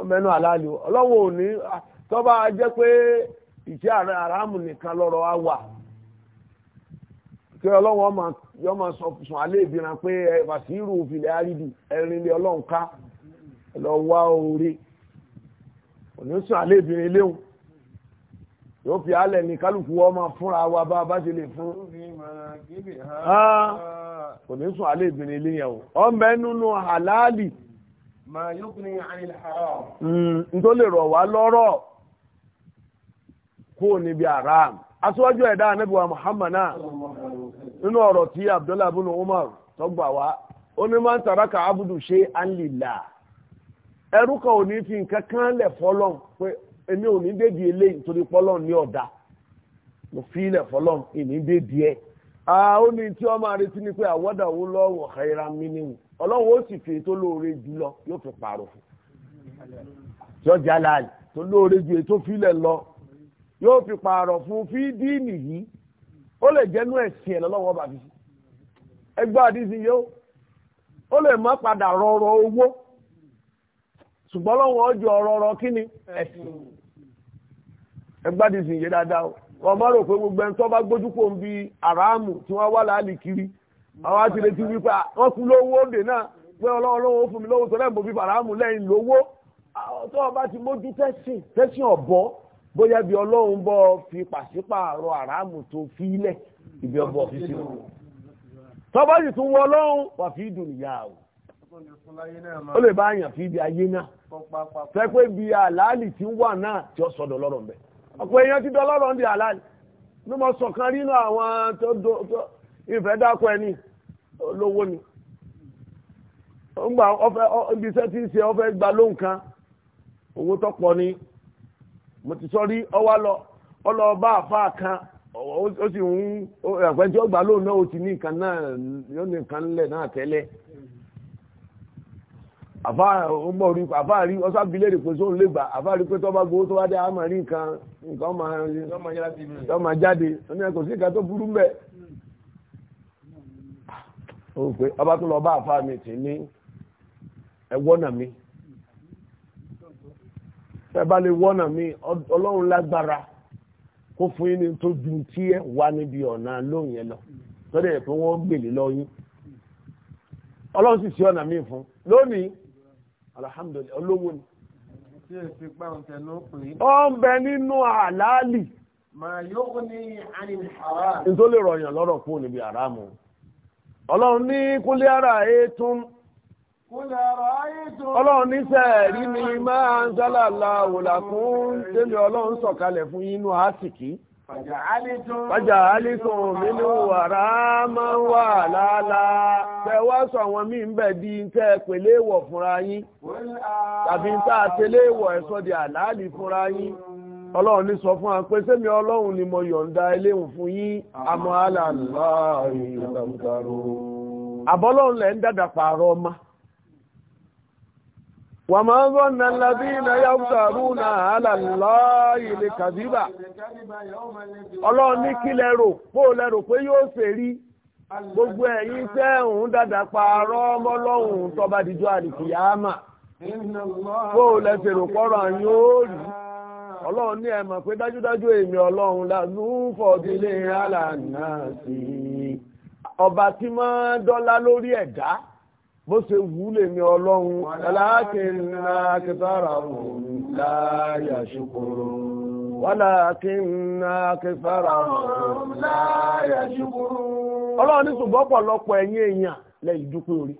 ọmọnú àlàálì ọlọ́wọ́ òní tọ́ba jẹ́ pé ìṣe àràmù nìkan lọ́rọ̀ á wà kí ọlọ́run yọ máa sọ sùn alẹ́ ìbíran pé wàsíìrù òfìlẹ̀ àrídì ẹ̀rin lé ọlọ́run ká lọ wá orí òní sùn alẹ́ ìbíran léwu yóò fi alẹ̀ ní kálukú wọ́n máa fúnra wa bá bá ṣe lè fún òní sùn alẹ́ ìbíran o ọmọ ẹnu halali ma yukni hmm, n tó lè rọ̀ wá lọ́rọ̀ kó o níbi aṣíwájú ẹ̀dá anábìwá muhammad náà nínú ọ̀rọ̀ tí abdullahi abunu umar tó wá ó ní máa ń abudu ṣe anlila ẹrú kan ní fi nǹkan kan lẹ̀ fọlọ́n pé èmi ò ní débi eléyìí torí pọ́lọ́n ní ọ̀dà mo fi ilẹ̀ ìní débi ẹ̀ ó ní tí wọ́n máa retí ni pé àwọ́dà lọ́wọ́ mi ó sì fi ètò lóore jù lọ yóò fi pààrọ̀ lọ yóò fi pààrọ̀ fún fídíìnì yìí ó lè jẹ́nú ẹ̀sìn ẹ̀ lọ́wọ́ bàbí ẹgbẹ́ àdísí yóò ó lè má padà rọrọ owó ṣùgbọ́n lọ́wọ́ ọjọ́ rọrọ kí ni ẹ̀sìn ẹgbẹ́ àdísí yìí dáadáa o wọ́n má rò pé gbogbo ẹni tó bá gbójú kò ń bi àràámù tí wọ́n wá láàlì kiri àwọn àti lè ti wí pé wọ́n kú lówó òde náà pé ọlọ́run lówó fún mi lówó tó lẹ́yìn mo fi àràámù lẹ́yìn lówó tó o ti mójú tẹ́sìn tẹ́sìn ọ̀bọ bóyá bí ọlọ́run bọ́ fi pàṣípààrọ̀ àràmù tó fi ilẹ̀ ibi ọbọ̀ fi sí wọn tọ́bọ́ sì tún wọ fi dùn ìyá o ó lè bá fi ibi ayé náà fẹ́ pé bí àlàálì tí ń wà náà tí ó sọ̀dọ̀ lọ́rọ̀ ọ̀pọ̀ èèyàn ti dọ́lọ́rọ̀ ń di àlàálì ní nínú àwọn tó ìfẹ́ ẹni lówó ni ó ń gbà ibi iṣẹ́ tí ń ṣe lóhùn kan owó mo ti sọ rí ọwá lọ ọlọọba àfáà kan ó sì ń ẹ̀pẹ́jọ́ gbà lóun náà ó ti ní nǹkan náà yóò ní nǹkan lẹ̀ náà tẹ́lẹ̀ àfáà rí ọsá bílẹ̀ rẹ̀ pé sóun lè gbà àfáà rí pé tó bá gbowó tó bá dé àmọ́ rí nǹkan nǹkan ọmọ jáde ní sí ọba tó lọ bá àfáà fẹ́bá lè wọ́nà mi ọlọ́run lágbára kó fún yín ní tó ju tí ẹ wá níbi ọ̀nà ọlọ́run sì sí fún lónìí alhamdulilayi olówó ni. ó ń bẹ nínú àlàálì. màá yóò ní ànínú àrà. nítorí rọ̀yàn lọ́rọ̀ níbi àrà mu ọlọ́run ọlọ́run níṣẹ́ rí mi máa ń sálàlà òlà fún tèmi ọlọ́run sọ̀kalẹ̀ fún inú àásìkí. Fàjà àlìsùn mi wàrà máa ń wà lálàá. Tẹ wá sọ àwọn míì ń bẹ̀ di tẹ́ pèlè ìwọ̀ fúnra yín. Tàbí tá a tẹ́lẹ̀ ìwọ̀ ẹ̀sọ́ di àlàálì fúnra yín. Ọlọ́run ní sọ fún wa pé sẹ́mi ọlọ́run ni mo yọ̀ǹda eléhùn fún yín. Àmọ́ àlàlá ìlàkùtàrò. Àbọ́lọ́run lẹ̀ ń dàdà pààrọ̀ ọmọ. وما ظن الذين يفترون على الله الكذبا ọlọ́run kí lẹ bó lẹ pé yóò ṣe rí gbogbo ẹ̀yin tẹ́ dada dàdà parọ́ mọ́lọ́hùn tó bá dijọ́ àlìkìyàmà bó lẹ ṣe rò pọ́rọ̀ ó rí mọ̀ pé dájúdájú èmi ọlọ́run lànà fọ̀dílé ọba tí máa lórí ẹ̀dá. bó ṣe mi ọlọ́run aláàkínná kẹsàrà òun láyà ṣùkúrò òun láyà ṣùkúrò. ọlọ́run ní ṣùgbọ́n ẹ̀yìn èèyàn lẹ́yìn dúpẹ́ orí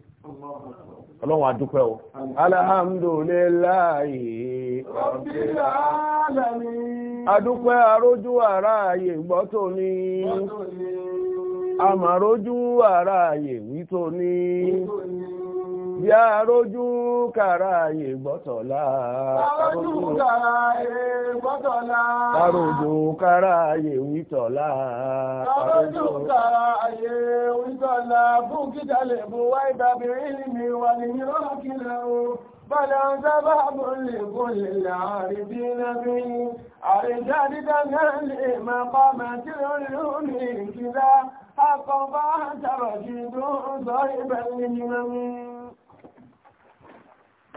ọlọ́run àdúpẹ́ o alhamdulillahi rabbil arójú ara gbọ́ tó ní àmàrójú ara wí tó bí arójú kàrà ayé gbọ́tọ̀lá. arójú kàrà ayé gbọ́tọ̀lá. arójú kàrà ayé wítọ̀lá. arójú kàrà ayé wítọ̀lá. fún kíjà lè bu wáyé tàbí rí mi wà ní yọ̀ọ́ kílẹ̀ o. بلا ذباب لكل العارفين به أرشدت من مقامة العلوم كذا حقا